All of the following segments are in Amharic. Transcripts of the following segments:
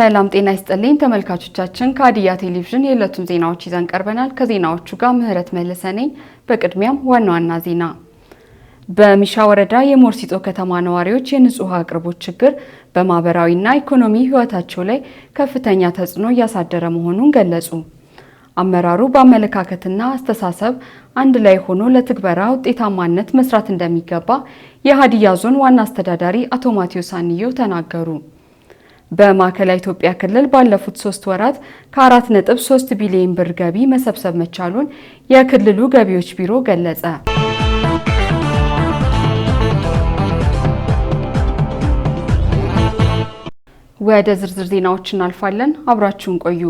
ሰላም ጤና ይስጥልኝ ተመልካቾቻችን፣ ከሀዲያ ቴሌቪዥን የዕለቱን ዜናዎች ይዘን ቀርበናል። ከዜናዎቹ ጋር ምህረት መለሰ ነኝ። በቅድሚያም ዋና ዋና ዜና። በሚሻ ወረዳ የሞርሲጦ ከተማ ነዋሪዎች የንጹህ ውሃ አቅርቦት ችግር በማህበራዊና ኢኮኖሚ ህይወታቸው ላይ ከፍተኛ ተጽዕኖ እያሳደረ መሆኑን ገለጹ። አመራሩ በአመለካከትና አስተሳሰብ አንድ ላይ ሆኖ ለትግበራ ውጤታማነት መስራት እንደሚገባ የሀዲያ ዞን ዋና አስተዳዳሪ አቶ ማቴዎስ አንየው ተናገሩ። በማዕከላዊ ኢትዮጵያ ክልል ባለፉት ሶስት ወራት ከ4.3 ቢሊዮን ብር ገቢ መሰብሰብ መቻሉን የክልሉ ገቢዎች ቢሮ ገለጸ። ወደ ዝርዝር ዜናዎች እናልፋለን። አብራችሁን ቆዩ።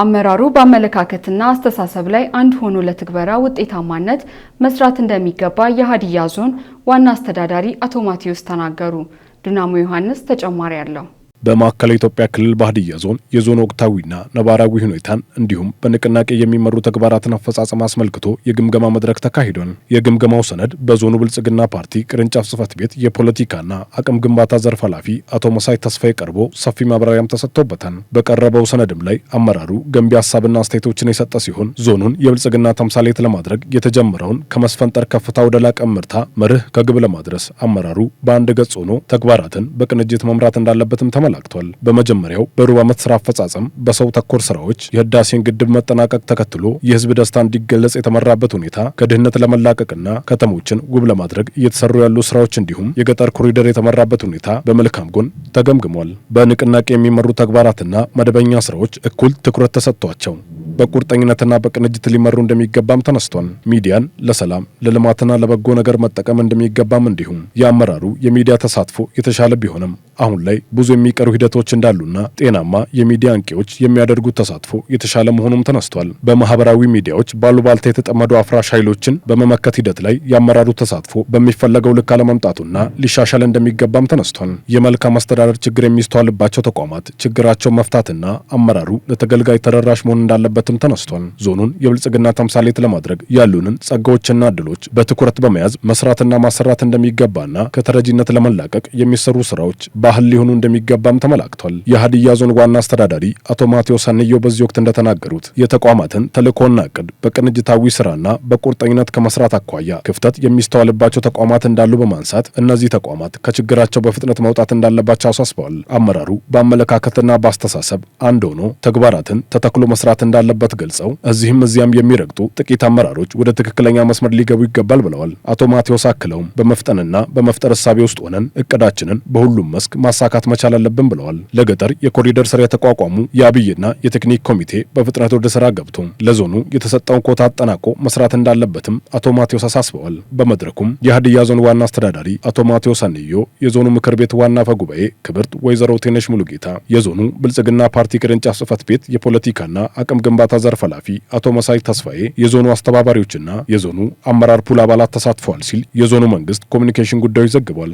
አመራሩ በአመለካከትና አስተሳሰብ ላይ አንድ ሆኖ ለትግበራ ውጤታማነት መስራት እንደሚገባ የሀዲያ ዞን ዋና አስተዳዳሪ አቶ ማቴዎስ ተናገሩ። ዱናሞ ዮሐንስ ተጨማሪ አለው። በማዕከላዊ ኢትዮጵያ ክልል ሀዲያ ዞን የዞን ወቅታዊና ነባራዊ ሁኔታን እንዲሁም በንቅናቄ የሚመሩ ተግባራትን አፈጻጸም አስመልክቶ የግምገማ መድረክ ተካሂዷል። የግምገማው ሰነድ በዞኑ ብልጽግና ፓርቲ ቅርንጫፍ ጽህፈት ቤት የፖለቲካና አቅም ግንባታ ዘርፍ ኃላፊ አቶ መሳይ ተስፋዬ ቀርቦ ሰፊ ማብራሪያም ተሰጥቶበታል። በቀረበው ሰነድም ላይ አመራሩ ገንቢ ሀሳብና አስተያየቶችን የሰጠ ሲሆን ዞኑን የብልጽግና ተምሳሌት ለማድረግ የተጀመረውን ከመስፈንጠር ከፍታ ወደ ላቀ ምርታ መርህ ከግብ ለማድረስ አመራሩ በአንድ ገጽ ሆኖ ተግባራትን በቅንጅት መምራት እንዳለበትም ተመ ተመላክቷል። በመጀመሪያው በሩብ ዓመት ስራ አፈጻጸም በሰው ተኮር ስራዎች የህዳሴን ግድብ መጠናቀቅ ተከትሎ የህዝብ ደስታ እንዲገለጽ የተመራበት ሁኔታ ከድህነት ለመላቀቅና ከተሞችን ውብ ለማድረግ እየተሰሩ ያሉ ስራዎች እንዲሁም የገጠር ኮሪደር የተመራበት ሁኔታ በመልካም ጎን ተገምግሟል። በንቅናቄ የሚመሩ ተግባራትና መደበኛ ስራዎች እኩል ትኩረት ተሰጥቷቸው በቁርጠኝነትና በቅንጅት ሊመሩ እንደሚገባም ተነስቷል። ሚዲያን ለሰላም ለልማትና ለበጎ ነገር መጠቀም እንደሚገባም እንዲሁም የአመራሩ የሚዲያ ተሳትፎ የተሻለ ቢሆንም አሁን ላይ ብዙ የሚቀ የሚቀሩ ሂደቶች እንዳሉና ጤናማ የሚዲያ አንቂዎች የሚያደርጉት ተሳትፎ የተሻለ መሆኑም ተነስቷል። በማህበራዊ ሚዲያዎች ባሉባልታ የተጠመዱ አፍራሽ ኃይሎችን በመመከት ሂደት ላይ ያመራሩ ተሳትፎ በሚፈለገው ልክ አለመምጣቱና ሊሻሻል እንደሚገባም ተነስቷል። የመልካም አስተዳደር ችግር የሚስተዋልባቸው ተቋማት ችግራቸው መፍታትና አመራሩ ለተገልጋይ ተደራሽ መሆን እንዳለበትም ተነስቷል። ዞኑን የብልጽግና ተምሳሌት ለማድረግ ያሉንን ጸጋዎችና እድሎች በትኩረት በመያዝ መስራትና ማሰራት እንደሚገባና ከተረጂነት ለመላቀቅ የሚሰሩ ስራዎች ባህል ሊሆኑ እንደሚገባ እንደሚገባም ተመላክቷል። የሀዲያ ዞን ዋና አስተዳዳሪ አቶ ማቴዎስ አንየው በዚህ ወቅት እንደተናገሩት የተቋማትን ተልእኮና እቅድ በቅንጅታዊ ስራና በቁርጠኝነት ከመስራት አኳያ ክፍተት የሚስተዋልባቸው ተቋማት እንዳሉ በማንሳት እነዚህ ተቋማት ከችግራቸው በፍጥነት መውጣት እንዳለባቸው አሳስበዋል። አመራሩ በአመለካከትና በአስተሳሰብ አንድ ሆኖ ተግባራትን ተተክሎ መስራት እንዳለበት ገልጸው እዚህም እዚያም የሚረግጡ ጥቂት አመራሮች ወደ ትክክለኛ መስመር ሊገቡ ይገባል ብለዋል። አቶ ማቴዎስ አክለውም በመፍጠንና በመፍጠር እሳቤ ውስጥ ሆነን እቅዳችንን በሁሉም መስክ ማሳካት መቻል አለበት አለብን ብለዋል። ለገጠር የኮሪደር ስራ የተቋቋሙ የአብይና የቴክኒክ ኮሚቴ በፍጥነት ወደ ስራ ገብቶ ለዞኑ የተሰጠውን ኮታ አጠናቆ መስራት እንዳለበትም አቶ ማቴዎስ አሳስበዋል። በመድረኩም የሀዲያ ዞን ዋና አስተዳዳሪ አቶ ማቴዎስ አንዮ፣ የዞኑ ምክር ቤት ዋና አፈ ጉባኤ ክብርት ወይዘሮ ቴነሽ ሙሉጌታ፣ የዞኑ ብልጽግና ፓርቲ ቅርንጫፍ ጽህፈት ቤት የፖለቲካና አቅም ግንባታ ዘርፍ ኃላፊ አቶ መሳይ ተስፋዬ፣ የዞኑ አስተባባሪዎችና የዞኑ አመራር ፑል አባላት ተሳትፈዋል ሲል የዞኑ መንግስት ኮሚኒኬሽን ጉዳዮች ዘግቧል።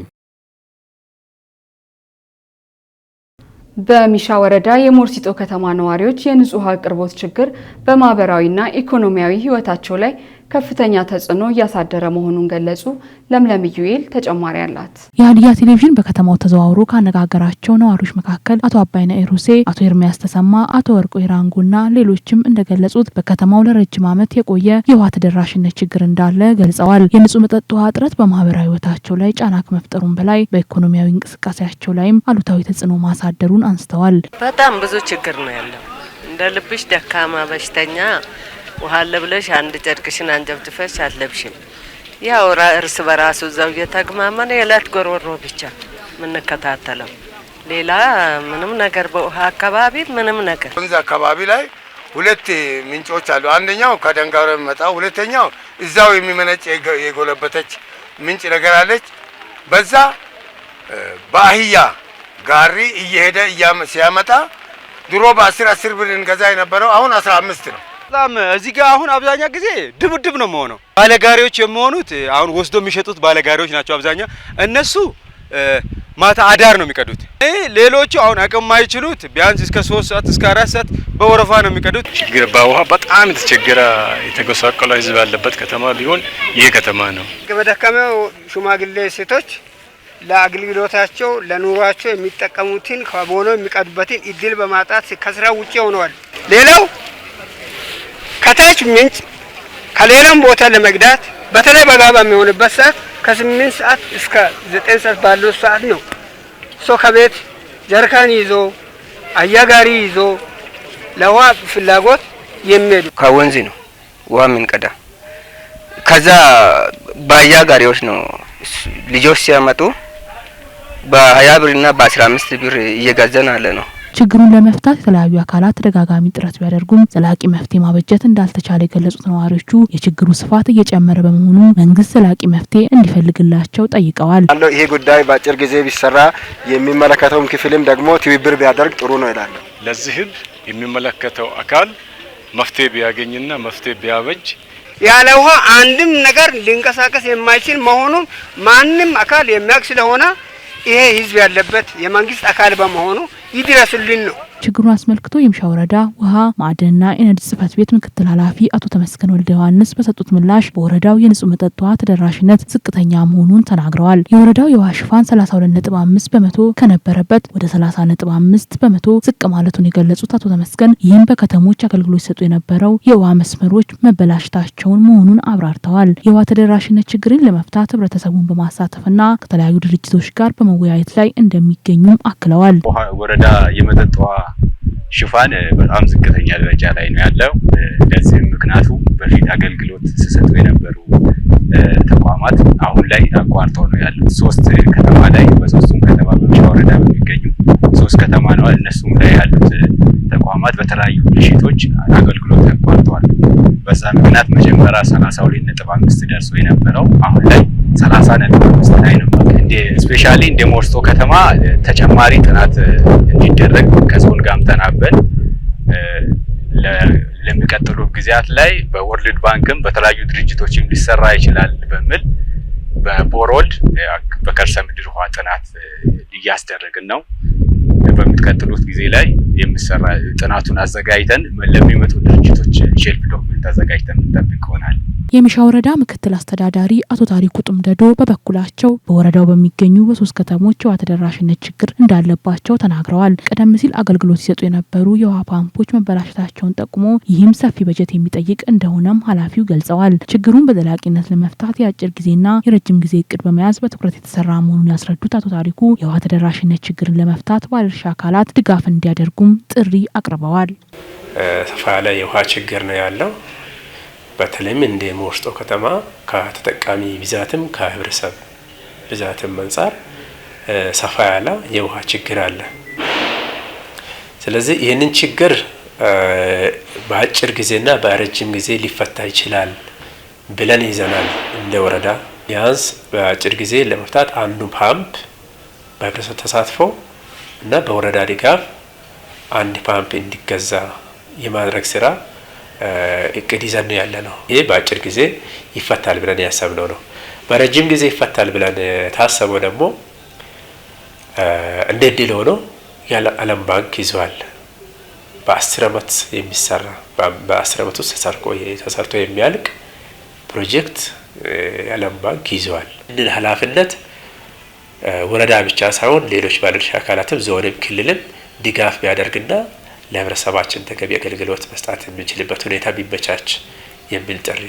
በሚሻ ወረዳ የሞርሲጦ ከተማ ነዋሪዎች የንጹህ ውሃ አቅርቦት ችግር በማህበራዊና ኢኮኖሚያዊ ህይወታቸው ላይ ከፍተኛ ተጽዕኖ እያሳደረ መሆኑን ገለጹ። ለምለም ዩኤል ተጨማሪ አላት። የሀዲያ ቴሌቪዥን በከተማው ተዘዋውሮ ካነጋገራቸው ነዋሪዎች መካከል አቶ አባይነ ኤሩሴ፣ አቶ ኤርሚያስ ተሰማ፣ አቶ ወርቁ እና ሌሎችም እንደገለጹት በከተማው ለረጅም ዓመት የቆየ የውሃ ተደራሽነት ችግር እንዳለ ገልጸዋል። የንጹህ መጠጥ ውሃ እጥረት በማህበራዊ ህይወታቸው ላይ ጫና ከመፍጠሩም በላይ በኢኮኖሚያዊ እንቅስቃሴያቸው ላይም አሉታዊ ተጽዕኖ ማሳደሩን አንስተዋል። በጣም ብዙ ችግር ነው ያለው እንደ ልብሽ ደካማ በሽተኛ ውሃ ለብለሽ አንድ ጨርቅሽን አንጀብድፈሽ አለብሽም። ያው እርስ በራሱ እዛው እየተግማመነ የዕለት ጎሮሮ ብቻ ምንከታተለው ሌላ ምንም ነገር በውሃ አካባቢ ምንም ነገር ወንዝ አካባቢ ላይ ሁለት ምንጮች አሉ። አንደኛው ከደንጋሮ የሚመጣው ሁለተኛው እዛው የሚመነጭ የጎለበተች ምንጭ ነገር አለች። በዛ በአህያ ጋሪ እየሄደ ሲያመጣ ድሮ በአስር አስር ብር እንገዛ የነበረው አሁን አስራ አምስት ነው። በጣም እዚህ ጋር አሁን አብዛኛ ጊዜ ድብድብ ነው የምሆነው። ባለጋሪዎች የሚሆኑት አሁን ወስዶ የሚሸጡት ባለጋሪዎች ናቸው። አብዛኛ እነሱ ማታ አዳር ነው የሚቀዱት። ሌሎቹ አሁን አቅም ማይችሉት ቢያንስ እስከ ሶስት ሰዓት እስከ አራት ሰዓት በወረፋ ነው የሚቀዱት። ችግር በውሃ በጣም የተቸገረ የተጎሳቀለ ህዝብ ያለበት ከተማ ቢሆን ይሄ ከተማ ነው። በደከመው ሽማግሌ ሴቶች ለአገልግሎታቸው ለኑሯቸው የሚጠቀሙትን ከቦኖ የሚቀዱበትን እድል በማጣት ከስራ ውጭ ሆነዋል። ሌላው ከዚች ምንጭ ከሌላም ቦታ ለመቅዳት በተለይ በጋባ የሚሆንበት ሰዓት ከስምንት ሰዓት እስከ ዘጠኝ ሰዓት ባለው ሰዓት ነው። ሶ ከቤት ጀርካን ይዞ አያጋሪ ይዞ ለውሃ ፍላጎት የሚሄዱ ከወንዝ ነው ውሃ የምንቀዳ። ከዛ በአያጋሪዎች ነው ልጆች ሲያመጡ በሀያ ብር እና በአስራ አምስት ብር እየገዛን አለ ነው ችግሩን ለመፍታት የተለያዩ አካላት ተደጋጋሚ ጥረት ቢያደርጉም ዘላቂ መፍትሄ ማበጀት እንዳልተቻለ የገለጹት ነዋሪዎቹ የችግሩ ስፋት እየጨመረ በመሆኑ መንግስት ዘላቂ መፍትሄ እንዲፈልግላቸው ጠይቀዋል። ይሄ ጉዳይ በአጭር ጊዜ ቢሰራ የሚመለከተውም ክፍልም ደግሞ ትብብር ቢያደርግ ጥሩ ነው ይላል። ለዚህ ህብ የሚመለከተው አካል መፍትሄ ቢያገኝና መፍትሄ ቢያበጅ ያለ ውሃ አንድም ነገር ሊንቀሳቀስ የማይችል መሆኑን ማንም አካል የሚያውቅ ስለሆነ ይሄ ህዝብ ያለበት የመንግስት አካል በመሆኑ ঈদের আসল দিন ችግሩን አስመልክቶ የምሻ ወረዳ ውሃ ማዕድንና ኤነርጂ ጽህፈት ቤት ምክትል ኃላፊ አቶ ተመስገን ወልደ ዮሐንስ በሰጡት ምላሽ በወረዳው የንጹህ መጠጥ ውሃ ተደራሽነት ዝቅተኛ መሆኑን ተናግረዋል። የወረዳው የውሃ ሽፋን 32.5 በመቶ ከነበረበት ወደ 30.5 በመቶ ዝቅ ማለቱን የገለጹት አቶ ተመስገን ይህም በከተሞች አገልግሎት ሲሰጡ የነበረው የውሃ መስመሮች መበላሸታቸውን መሆኑን አብራርተዋል። የውሃ ተደራሽነት ችግርን ለመፍታት ህብረተሰቡን በማሳተፍና ከተለያዩ ድርጅቶች ጋር በመወያየት ላይ እንደሚገኙም አክለዋል። ወረዳ የመጠጥ ውሃ ሽፋን በጣም ዝቅተኛ ደረጃ ላይ ነው ያለው። ለዚህም ምክንያቱ በፊት አገልግሎት ሲሰጡ የነበሩ ተቋማት አሁን ላይ አቋርጠው ነው ያሉት። ሶስት ከተማ ላይ በሶስቱም ከተማ በሚሻ ወረዳ በሚገኙ ሶስት ከተማ ነው እነሱም ላይ ያሉት ተቋማት በተለያዩ ብልሽቶች አገልግሎት ተቋርጠዋል። በዛ ምክንያት መጀመሪያ ሰላሳ ሁለት ነጥብ አምስት ደርሶ የነበረው አሁን ላይ ሰላሳ ነጥብ አምስት ላይ ነው። እንደ ስፔሻሊ እንደ ሞርሶ ከተማ ተጨማሪ ጥናት እንዲደረግ ከዞን ጋም ተናበን ለሚቀጥሉ ጊዜያት ላይ በወርልድ ባንክም በተለያዩ ድርጅቶችም ሊሰራ ይችላል በሚል በቦሮድ በከርሰ ምድር ውሃ ጥናት እያስደረግን ነው። በሚቀጥሉት ጊዜ ላይ የምሰራ ጥናቱን አዘጋጅተን ለሚመጡ ድርጅቶች ሼልፍ ዶክመንት አዘጋጅተን የምንጠብቅ ይሆናል። የሚሻ ወረዳ ምክትል አስተዳዳሪ አቶ ታሪኩ ጥምደዶ በበኩላቸው በወረዳው በሚገኙ በሶስት ከተሞች የውሃ ተደራሽነት ችግር እንዳለባቸው ተናግረዋል። ቀደም ሲል አገልግሎት ሲሰጡ የነበሩ የውሃ ፓምፖች መበላሸታቸውን ጠቁሞ ይህም ሰፊ በጀት የሚጠይቅ እንደሆነም ኃላፊው ገልጸዋል። ችግሩን በዘላቂነት ለመፍታት የአጭር ጊዜና የረጅም ጊዜ እቅድ በመያዝ በትኩረት የተሰራ መሆኑን ያስረዱት አቶ ታሪኩ የውሃ ተደራሽነት ችግርን ለመፍታት ባለድርሻ አካላት ድጋፍ እንዲያደርጉ እንዲቆም ጥሪ አቅርበዋል። ሰፋ ያለ የውሃ ችግር ነው ያለው። በተለይም እንደ ሞርቶ ከተማ ከተጠቃሚ ብዛትም ከህብረተሰብ ብዛትም አንጻር ሰፋ ያለ የውሃ ችግር አለ። ስለዚህ ይህንን ችግር በአጭር ጊዜና በረጅም ጊዜ ሊፈታ ይችላል ብለን ይዘናል። እንደ ወረዳ ቢያንስ በአጭር ጊዜ ለመፍታት አንዱ ፓምፕ በህብረተሰብ ተሳትፎ እና በወረዳ ድጋፍ አንድ ፓምፕ እንዲገዛ የማድረግ ስራ እቅድ ይዘን ያለ ነው። ይህ በአጭር ጊዜ ይፈታል ብለን ያሰብነው ነው። በረጅም ጊዜ ይፈታል ብለን ታሰበው ደግሞ እንደ ድል ሆኖ የዓለም ባንክ ይዘዋል። በአስር አመት የሚሰራ በአስር አመት ውስጥ ተሰርቆ ተሰርቶ የሚያልቅ ፕሮጀክት የዓለም ባንክ ይዘዋል። ይህንን ኃላፊነት ወረዳ ብቻ ሳይሆን ሌሎች ባለድርሻ አካላትም ዞንም ክልልም ድጋፍ ቢያደርግና ለህብረተሰባችን ተገቢ አገልግሎት መስጣት የምንችልበት ሁኔታ ቢመቻች የሚል ጥሪ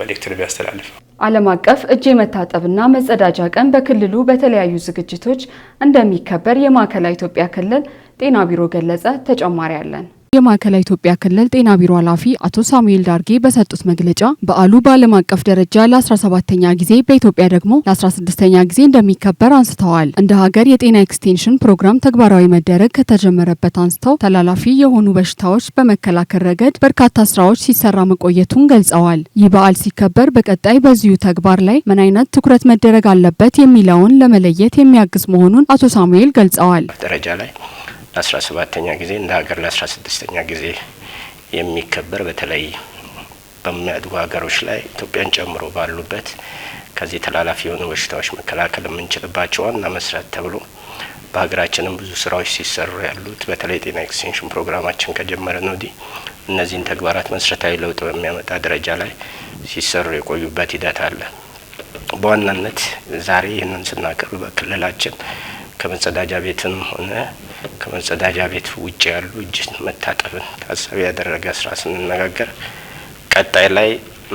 ነው የሚያስተላልፈው። ዓለም አቀፍ እጅ የመታጠብና መጸዳጃ ቀን በክልሉ በተለያዩ ዝግጅቶች እንደሚከበር የማዕከላዊ ኢትዮጵያ ክልል ጤና ቢሮ ገለጸ። ተጨማሪ አለን። የማዕከላዊ ኢትዮጵያ ክልል ጤና ቢሮ ኃላፊ አቶ ሳሙኤል ዳርጌ በሰጡት መግለጫ በዓሉ በዓለም አቀፍ ደረጃ ለ17ተኛ ጊዜ በኢትዮጵያ ደግሞ ለ16ተኛ ጊዜ እንደሚከበር አንስተዋል። እንደ ሀገር የጤና ኤክስቴንሽን ፕሮግራም ተግባራዊ መደረግ ከተጀመረበት አንስተው ተላላፊ የሆኑ በሽታዎች በመከላከል ረገድ በርካታ ስራዎች ሲሰራ መቆየቱን ገልጸዋል። ይህ በዓል ሲከበር በቀጣይ በዚሁ ተግባር ላይ ምን አይነት ትኩረት መደረግ አለበት የሚለውን ለመለየት የሚያግዝ መሆኑን አቶ ሳሙኤል ገልጸዋል። ደረጃ ላይ ለአስራ ሰባተኛ ጊዜ እንደ ሀገር ለአስራ ስድስተኛ ጊዜ የሚከበር በተለይ በሚያድጉ ሀገሮች ላይ ኢትዮጵያን ጨምሮ ባሉበት ከዚህ ተላላፊ የሆኑ በሽታዎች መከላከል የምንችልባቸው ዋና መስረት ተብሎ በሀገራችንም ብዙ ስራዎች ሲሰሩ ያሉት በተለይ ጤና ኤክስቴንሽን ፕሮግራማችን ነው ወዲህ እነዚህን ተግባራት መሰረታዊ ለውጥ በሚያመጣ ደረጃ ላይ ሲሰሩ የቆዩበት ሂደት አለ። በዋናነት ዛሬ ይህንን ስናቀርብ በክልላችን ከመጸዳጃ ቤትም ሆነ ከመጸዳጃ ቤት ውጭ ያሉ እጅ መታጠብን ታሳቢ ያደረገ ስራ ስንነጋገር ቀጣይ ላይ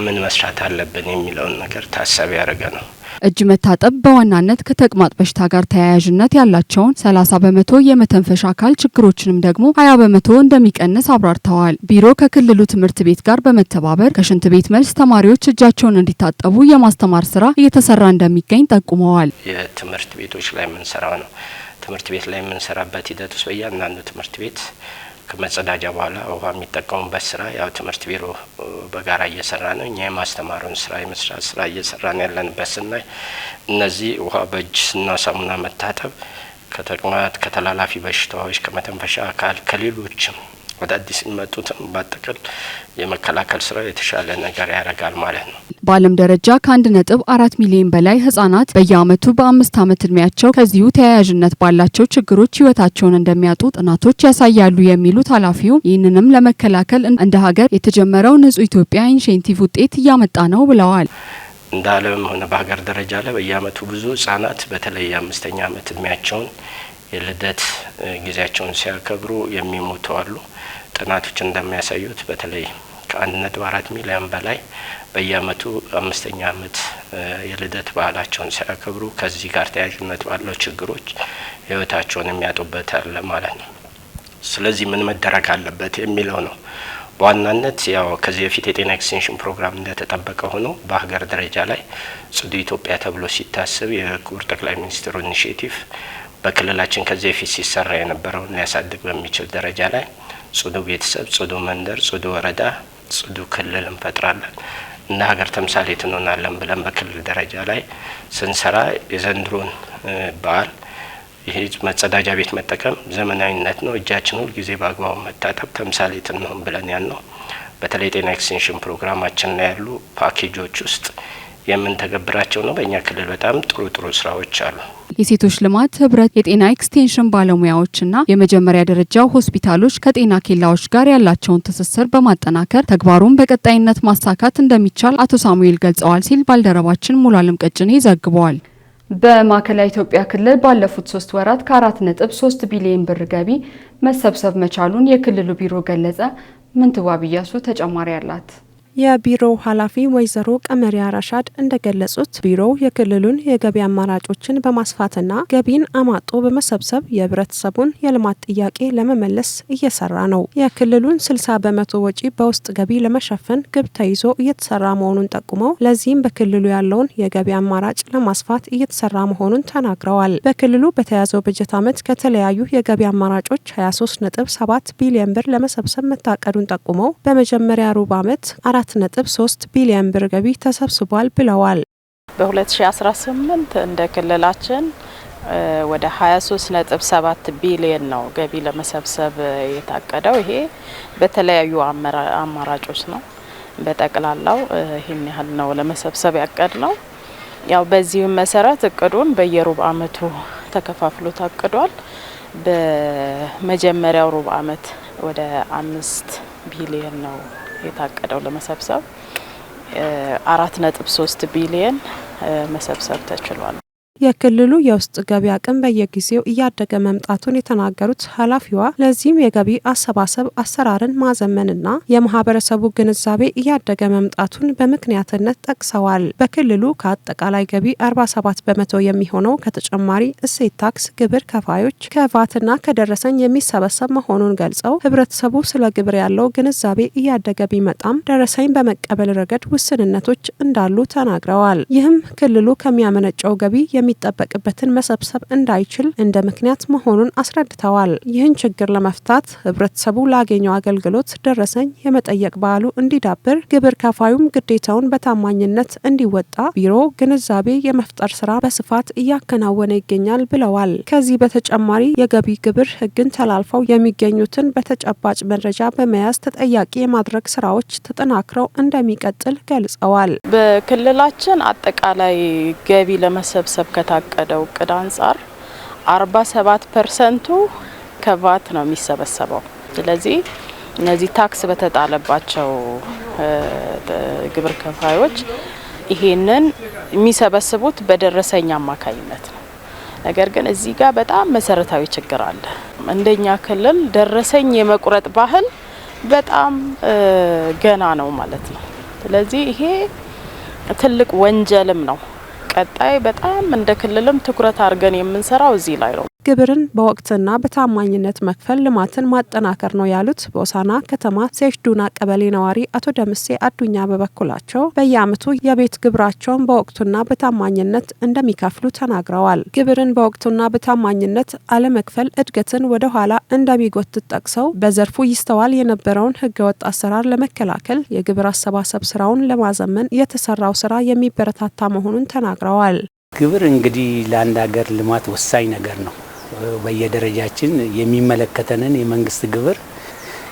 ምን መስራት አለብን የሚለውን ነገር ታሳቢ ያደረገ ነው። እጅ መታጠብ በዋናነት ከተቅማጥ በሽታ ጋር ተያያዥነት ያላቸውን 30 በመቶ የመተንፈሻ አካል ችግሮችንም ደግሞ 20 በመቶ እንደሚቀንስ አብራርተዋል። ቢሮ ከክልሉ ትምህርት ቤት ጋር በመተባበር ከሽንት ቤት መልስ ተማሪዎች እጃቸውን እንዲታጠቡ የማስተማር ስራ እየተሰራ እንደሚገኝ ጠቁመዋል። የትምህርት ቤቶች ላይ የምንሰራው ነው። ትምህርት ቤት ላይ የምንሰራበት ሂደት ውስጥ በእያንዳንዱ ትምህርት ቤት ከመጸዳጃ በኋላ ውሃ የሚጠቀሙበት ስራ ያው ትምህርት ቢሮ በጋራ እየሰራ ነው። እኛ የማስተማሩን ስራ የመስራት ስራ እየሰራ ነው ያለንበት ስናይ እነዚህ ውሃ በእጅ ስና ሳሙና መታጠብ ከተቅማጥ ከተላላፊ በሽታዎች ከመተንፈሻ አካል ከሌሎችም አዳዲስ የሚመጡትን በጥቅል የመከላከል ስራ የተሻለ ነገር ያደርጋል ማለት ነው። በዓለም ደረጃ ከአንድ ነጥብ አራት ሚሊዮን በላይ ህጻናት በየአመቱ በአምስት አመት እድሜያቸው ከዚሁ ተያያዥነት ባላቸው ችግሮች ህይወታቸውን እንደሚያጡ ጥናቶች ያሳያሉ የሚሉት ኃላፊው ይህንንም ለመከላከል እንደ ሀገር የተጀመረው ንጹህ ኢትዮጵያ ኢንሴንቲቭ ውጤት እያመጣ ነው ብለዋል። እንደ ዓለምም ሆነ በሀገር ደረጃ ላይ በየአመቱ ብዙ ህጻናት በተለይ የአምስተኛ አመት እድሜያቸውን የልደት ጊዜያቸውን ሲያከብሩ የሚሞቱ አሉ። ጥናቶች እንደሚያሳዩት በተለይ ከአንድ ነጥብ አራት ሚሊዮን በላይ በየአመቱ አምስተኛ አመት የልደት ባህላቸውን ሲያከብሩ ከዚህ ጋር ተያያዥነት ባለው ችግሮች ህይወታቸውን የሚያጡበት አለ ማለት ነው። ስለዚህ ምን መደረግ አለበት የሚለው ነው። በዋናነት ያው ከዚህ በፊት የጤና ኤክስቴንሽን ፕሮግራም እንደተጠበቀ ሆኖ በሀገር ደረጃ ላይ ጽዱ ኢትዮጵያ ተብሎ ሲታስብ የክቡር ጠቅላይ ሚኒስትሩ ኢኒሽቲቭ በክልላችን ከዚህ በፊት ሲሰራ የነበረውን ሊያሳድግ በሚችል ደረጃ ላይ ጽዱ ቤተሰብ፣ ጽዱ መንደር፣ ጽዱ ወረዳ፣ ጽዱ ክልል እንፈጥራለን እንደ ሀገር ተምሳሌት እንሆናለን ብለን በክልል ደረጃ ላይ ስንሰራ የዘንድሮን በዓል ይሄ መጸዳጃ ቤት መጠቀም ዘመናዊነት ነው። እጃችን ሁል ጊዜ በአግባቡ መታጠብ ተምሳሌት እንሆን ብለን ያን ነው። በተለይ ጤና ኤክስቴንሽን ፕሮግራማችን ላይ ያሉ ፓኬጆች ውስጥ የምንተገብራቸው ነው። በእኛ ክልል በጣም ጥሩ ጥሩ ስራዎች አሉ። የሴቶች ልማት ህብረት የጤና ኤክስቴንሽን ባለሙያዎችና የመጀመሪያ ደረጃ ሆስፒታሎች ከጤና ኬላዎች ጋር ያላቸውን ትስስር በማጠናከር ተግባሩን በቀጣይነት ማሳካት እንደሚቻል አቶ ሳሙኤል ገልጸዋል ሲል ባልደረባችን ሙሉ ቀጭኔ ዘግበዋል። በማዕከላዊ ኢትዮጵያ ክልል ባለፉት ሶስት ወራት ከአራት ነጥብ ሶስት ቢሊዮን ብር ገቢ መሰብሰብ መቻሉን የክልሉ ቢሮ ገለጸ። ምንትዋብ እያሱ ተጨማሪ አላት። የቢሮው ኃላፊ ወይዘሮ ቀመሪያ ራሻድ እንደገለጹት ቢሮው የክልሉን የገቢ አማራጮችን በማስፋትና ገቢን አማጦ በመሰብሰብ የህብረተሰቡን የልማት ጥያቄ ለመመለስ እየሰራ ነው። የክልሉን 60 በመቶ ወጪ በውስጥ ገቢ ለመሸፈን ግብ ተይዞ እየተሰራ መሆኑን ጠቁመው ለዚህም በክልሉ ያለውን የገቢ አማራጭ ለማስፋት እየተሰራ መሆኑን ተናግረዋል። በክልሉ በተያዘው በጀት ዓመት ከተለያዩ የገቢ አማራጮች 23.7 ቢሊዮን ብር ለመሰብሰብ መታቀዱን ጠቁመው በመጀመሪያ ሩብ ዓመት 4.3 ቢሊዮን ብር ገቢ ተሰብስቧል ብለዋል። በ2018 እንደ ክልላችን ወደ 23.7 ቢሊዮን ነው ገቢ ለመሰብሰብ የታቀደው። ይሄ በተለያዩ አማራጮች ነው። በጠቅላላው ይህን ያህል ነው ለመሰብሰብ ያቀድ ነው። ያው በዚህም መሰረት እቅዱን በየሩብ አመቱ ተከፋፍሎ ታቅዷል። በመጀመሪያው ሩብ አመት ወደ አምስት ቢሊዮን ነው የታቀደው ለመሰብሰብ አራት ነጥብ ሶስት ቢሊየን መሰብሰብ ተችሏል። የክልሉ የውስጥ ገቢ አቅም በየጊዜው እያደገ መምጣቱን የተናገሩት ኃላፊዋ ለዚህም የገቢ አሰባሰብ አሰራርን ማዘመንና የማህበረሰቡ ግንዛቤ እያደገ መምጣቱን በምክንያትነት ጠቅሰዋል። በክልሉ ከአጠቃላይ ገቢ 47 በመቶ የሚሆነው ከተጨማሪ እሴት ታክስ ግብር ከፋዮች ከቫትና ከደረሰኝ የሚሰበሰብ መሆኑን ገልጸው ህብረተሰቡ ስለ ግብር ያለው ግንዛቤ እያደገ ቢመጣም ደረሰኝ በመቀበል ረገድ ውስንነቶች እንዳሉ ተናግረዋል። ይህም ክልሉ ከሚያመነጨው ገቢ የሚጠበቅበትን መሰብሰብ እንዳይችል እንደ ምክንያት መሆኑን አስረድተዋል። ይህን ችግር ለመፍታት ህብረተሰቡ ላገኘው አገልግሎት ደረሰኝ የመጠየቅ ባህሉ እንዲዳብር፣ ግብር ከፋዩም ግዴታውን በታማኝነት እንዲወጣ ቢሮ ግንዛቤ የመፍጠር ስራ በስፋት እያከናወነ ይገኛል ብለዋል። ከዚህ በተጨማሪ የገቢ ግብር ህግን ተላልፈው የሚገኙትን በተጨባጭ መረጃ በመያዝ ተጠያቂ የማድረግ ስራዎች ተጠናክረው እንደሚቀጥል ገልጸዋል። በክልላችን አጠቃላይ ገቢ ለመሰብሰብ ከታቀደው እቅድ አንጻር 47 ፐርሰንቱ ከቫት ነው የሚሰበሰበው። ስለዚህ እነዚህ ታክስ በተጣለባቸው ግብር ከፋዮች ይሄንን የሚሰበስቡት በደረሰኝ አማካኝነት ነው። ነገር ግን እዚህ ጋር በጣም መሰረታዊ ችግር አለ። እንደኛ ክልል ደረሰኝ የመቁረጥ ባህል በጣም ገና ነው ማለት ነው። ስለዚህ ይሄ ትልቅ ወንጀልም ነው። ቀጣይ በጣም እንደ ክልልም ትኩረት አድርገን የምንሰራው እዚህ ላይ ነው። ግብርን በወቅትና በታማኝነት መክፈል ልማትን ማጠናከር ነው ያሉት በሆሳና ከተማ ሴሽዱና ቀበሌ ነዋሪ አቶ ደምሴ አዱኛ በበኩላቸው በየዓመቱ የቤት ግብራቸውን በወቅቱና በታማኝነት እንደሚከፍሉ ተናግረዋል። ግብርን በወቅቱና በታማኝነት አለመክፈል እድገትን ወደ ኋላ እንደሚጎትት ጠቅሰው በዘርፉ ይስተዋል የነበረውን ህገወጥ አሰራር ለመከላከል የግብር አሰባሰብ ስራውን ለማዘመን የተሰራው ስራ የሚበረታታ መሆኑን ተናግረዋል። ግብር እንግዲህ ለአንድ ሀገር ልማት ወሳኝ ነገር ነው። በየደረጃችን የሚመለከተንን የመንግስት ግብር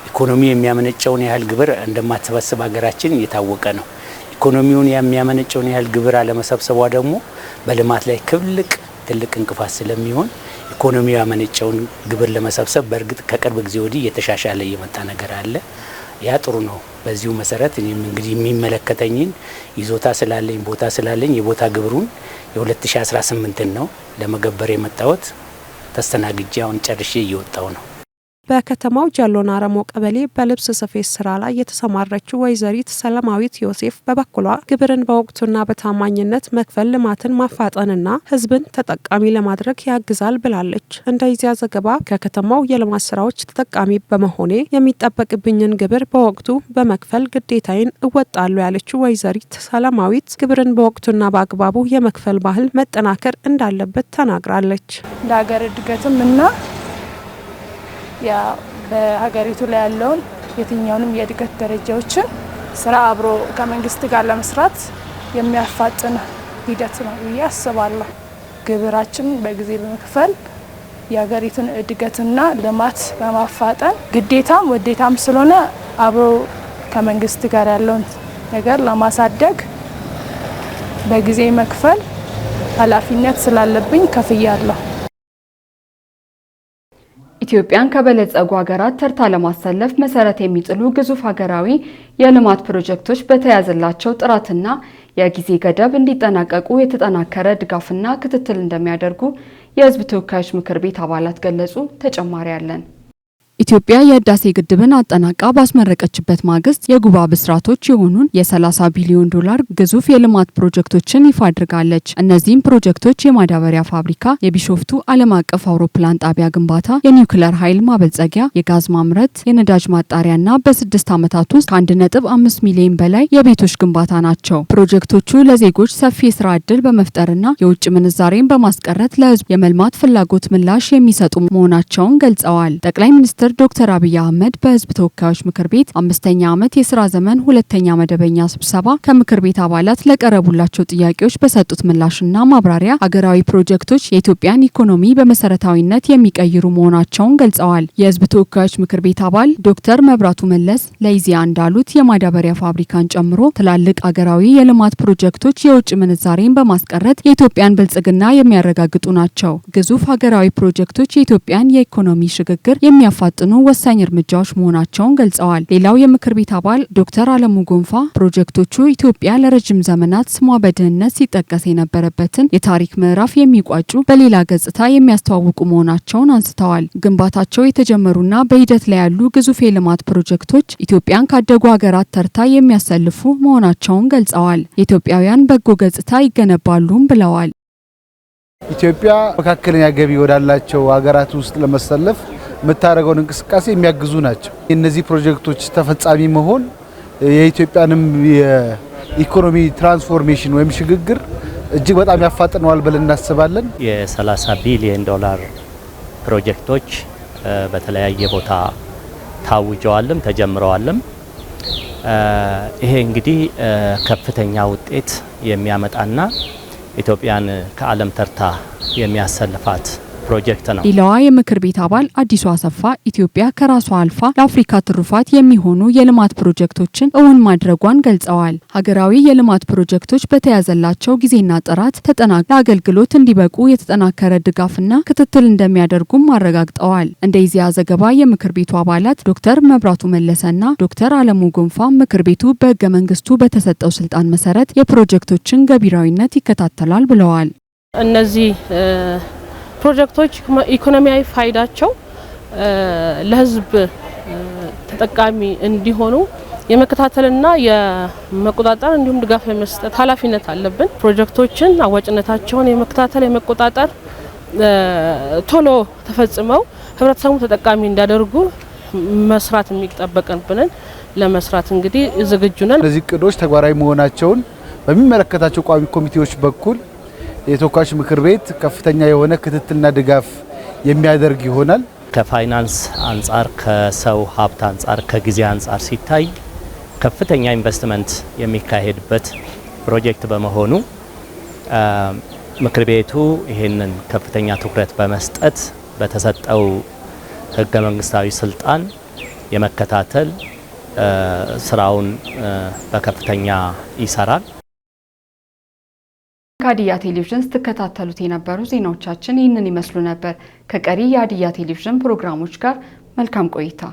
ኢኮኖሚው የሚያመነጨውን ያህል ግብር እንደማትሰበስብ ሀገራችን የታወቀ ነው። ኢኮኖሚውን የሚያመነጨውን ያህል ግብር አለመሰብሰቧ ደግሞ በልማት ላይ ክብልቅ ትልቅ እንቅፋት ስለሚሆን ኢኮኖሚው ያመነጨውን ግብር ለመሰብሰብ በእርግጥ ከቅርብ ጊዜ ወዲህ እየተሻሻለ እየመጣ ነገር አለ። ያ ጥሩ ነው። በዚሁ መሰረት እኔም እንግዲህ የሚመለከተኝን ይዞታ ስላለኝ ቦታ ስላለኝ የቦታ ግብሩን የ2018ን ነው ለመገበር የመጣወት ተስተናግጄ አሁን ጨርሼ እየወጣው ነው። በከተማው ጃሎና ረሞ ቀበሌ በልብስ ስፌት ስራ ላይ የተሰማረችው ወይዘሪት ሰላማዊት ዮሴፍ በበኩሏ ግብርን በወቅቱና በታማኝነት መክፈል ልማትን ማፋጠንና ህዝብን ተጠቃሚ ለማድረግ ያግዛል ብላለች። እንደ ኢዜአ ዘገባ ከከተማው የልማት ስራዎች ተጠቃሚ በመሆኔ የሚጠበቅብኝን ግብር በወቅቱ በመክፈል ግዴታዬን እወጣለሁ ያለችው ወይዘሪት ሰላማዊት ግብርን በወቅቱና በአግባቡ የመክፈል ባህል መጠናከር እንዳለበት ተናግራለች። ለሀገር እድገትም እና በሀገሪቱ ላይ ያለውን የትኛውንም የእድገት ደረጃዎችን ስራ አብሮ ከመንግስት ጋር ለመስራት የሚያፋጥን ሂደት ነው ብዬ አስባለሁ። ግብራችን በጊዜ በመክፈል የሀገሪቱን እድገትና ልማት በማፋጠን ግዴታም ውዴታም ስለሆነ አብሮ ከመንግስት ጋር ያለውን ነገር ለማሳደግ በጊዜ መክፈል ኃላፊነት ስላለብኝ ከፍያለሁ። ኢትዮጵያን ከበለጸጉ ሀገራት ተርታ ለማሰለፍ መሰረት የሚጥሉ ግዙፍ ሀገራዊ የልማት ፕሮጀክቶች በተያዘላቸው ጥራትና የጊዜ ገደብ እንዲጠናቀቁ የተጠናከረ ድጋፍና ክትትል እንደሚያደርጉ የሕዝብ ተወካዮች ምክር ቤት አባላት ገለጹ። ተጨማሪ አለን። ኢትዮጵያ የህዳሴ ግድብን አጠናቃ ባስመረቀችበት ማግስት የጉባ ብስራቶች የሆኑን የ30 ቢሊዮን ዶላር ግዙፍ የልማት ፕሮጀክቶችን ይፋ አድርጋለች። እነዚህም ፕሮጀክቶች የማዳበሪያ ፋብሪካ፣ የቢሾፍቱ ዓለም አቀፍ አውሮፕላን ጣቢያ ግንባታ፣ የኒውክለር ኃይል ማበልጸጊያ፣ የጋዝ ማምረት፣ የነዳጅ ማጣሪያና በስድስት ዓመታት ውስጥ ከ አምስት ሚሊዮን በላይ የቤቶች ግንባታ ናቸው። ፕሮጀክቶቹ ለዜጎች ሰፊ የስራ ዕድል በመፍጠርና የውጭ ምንዛሬን በማስቀረት ለህዝብ የመልማት ፍላጎት ምላሽ የሚሰጡ መሆናቸውን ገልጸዋል። ጠቅላይ ሚኒስትር ሚኒስትር ዶክተር አብይ አህመድ በህዝብ ተወካዮች ምክር ቤት አምስተኛ ዓመት የስራ ዘመን ሁለተኛ መደበኛ ስብሰባ ከምክር ቤት አባላት ለቀረቡላቸው ጥያቄዎች በሰጡት ምላሽና ማብራሪያ አገራዊ ፕሮጀክቶች የኢትዮጵያን ኢኮኖሚ በመሰረታዊነት የሚቀይሩ መሆናቸውን ገልጸዋል። የህዝብ ተወካዮች ምክር ቤት አባል ዶክተር መብራቱ መለስ ለኢዜአ እንዳሉት የማዳበሪያ ፋብሪካን ጨምሮ ትላልቅ አገራዊ የልማት ፕሮጀክቶች የውጭ ምንዛሬን በማስቀረት የኢትዮጵያን ብልጽግና የሚያረጋግጡ ናቸው። ግዙፍ ሀገራዊ ፕሮጀክቶች የኢትዮጵያን የኢኮኖሚ ሽግግር የሚያፋጥ የሚያስፈጥኑ ወሳኝ እርምጃዎች መሆናቸውን ገልጸዋል። ሌላው የምክር ቤት አባል ዶክተር አለሙ ጎንፋ ፕሮጀክቶቹ ኢትዮጵያ ለረጅም ዘመናት ስሟ በደህንነት ሲጠቀስ የነበረበትን የታሪክ ምዕራፍ የሚቋጩ በሌላ ገጽታ የሚያስተዋውቁ መሆናቸውን አንስተዋል። ግንባታቸው የተጀመሩና በሂደት ላይ ያሉ ግዙፍ የልማት ፕሮጀክቶች ኢትዮጵያን ካደጉ ሀገራት ተርታ የሚያሰልፉ መሆናቸውን ገልጸዋል። የኢትዮጵያውያን በጎ ገጽታ ይገነባሉም ብለዋል። ኢትዮጵያ መካከለኛ ገቢ ወዳላቸው ሀገራት ውስጥ ለመሰለፍ የምታደርገውን እንቅስቃሴ የሚያግዙ ናቸው። እነዚህ ፕሮጀክቶች ተፈጻሚ መሆን የኢትዮጵያንም የኢኮኖሚ ትራንስፎርሜሽን ወይም ሽግግር እጅግ በጣም ያፋጥነዋል ብለን እናስባለን። የ30 ቢሊዮን ዶላር ፕሮጀክቶች በተለያየ ቦታ ታውጀዋልም ተጀምረዋልም። ይሄ እንግዲህ ከፍተኛ ውጤት የሚያመጣና ኢትዮጵያን ከዓለም ተርታ የሚያሰልፋት ፕሮጀክት ነው። ሌላዋ የምክር ቤት አባል አዲሱ አሰፋ ኢትዮጵያ ከራሷ አልፋ ለአፍሪካ ትሩፋት የሚሆኑ የልማት ፕሮጀክቶችን እውን ማድረጓን ገልጸዋል። ሀገራዊ የልማት ፕሮጀክቶች በተያዘላቸው ጊዜና ጥራት ተጠናቅ ለአገልግሎት እንዲበቁ የተጠናከረ ድጋፍና ክትትል እንደሚያደርጉም አረጋግጠዋል። እንደ ኢዜአ ዘገባ የምክር ቤቱ አባላት ዶክተር መብራቱ መለሰና ዶክተር አለሙ ጎንፋ ምክር ቤቱ በህገ መንግስቱ በተሰጠው ስልጣን መሰረት የፕሮጀክቶችን ገቢራዊነት ይከታተላል ብለዋል። እነዚህ ፕሮጀክቶች ኢኮኖሚያዊ ፋይዳቸው ለህዝብ ተጠቃሚ እንዲሆኑ የመከታተልና የመቆጣጠር እንዲሁም ድጋፍ የመስጠት ኃላፊነት አለብን። ፕሮጀክቶችን አዋጭነታቸውን የመከታተል የመቆጣጠር ቶሎ ተፈጽመው ህብረተሰቡ ተጠቃሚ እንዲያደርጉ መስራት የሚጠበቅብንን ለመስራት እንግዲህ ዝግጁ ነን። እነዚህ እቅዶች ተግባራዊ መሆናቸውን በሚመለከታቸው ቋሚ ኮሚቴዎች በኩል የተወካዮች ምክር ቤት ከፍተኛ የሆነ ክትትልና ድጋፍ የሚያደርግ ይሆናል። ከፋይናንስ አንጻር፣ ከሰው ሀብት አንጻር፣ ከጊዜ አንጻር ሲታይ ከፍተኛ ኢንቨስትመንት የሚካሄድበት ፕሮጀክት በመሆኑ ምክር ቤቱ ይህንን ከፍተኛ ትኩረት በመስጠት በተሰጠው ህገ መንግስታዊ ስልጣን የመከታተል ስራውን በከፍተኛ ይሰራል። ከሀዲያ ቴሌቪዥን ስትከታተሉት የነበሩ ዜናዎቻችን ይህንን ይመስሉ ነበር። ከቀሪ የሀዲያ ቴሌቪዥን ፕሮግራሞች ጋር መልካም ቆይታ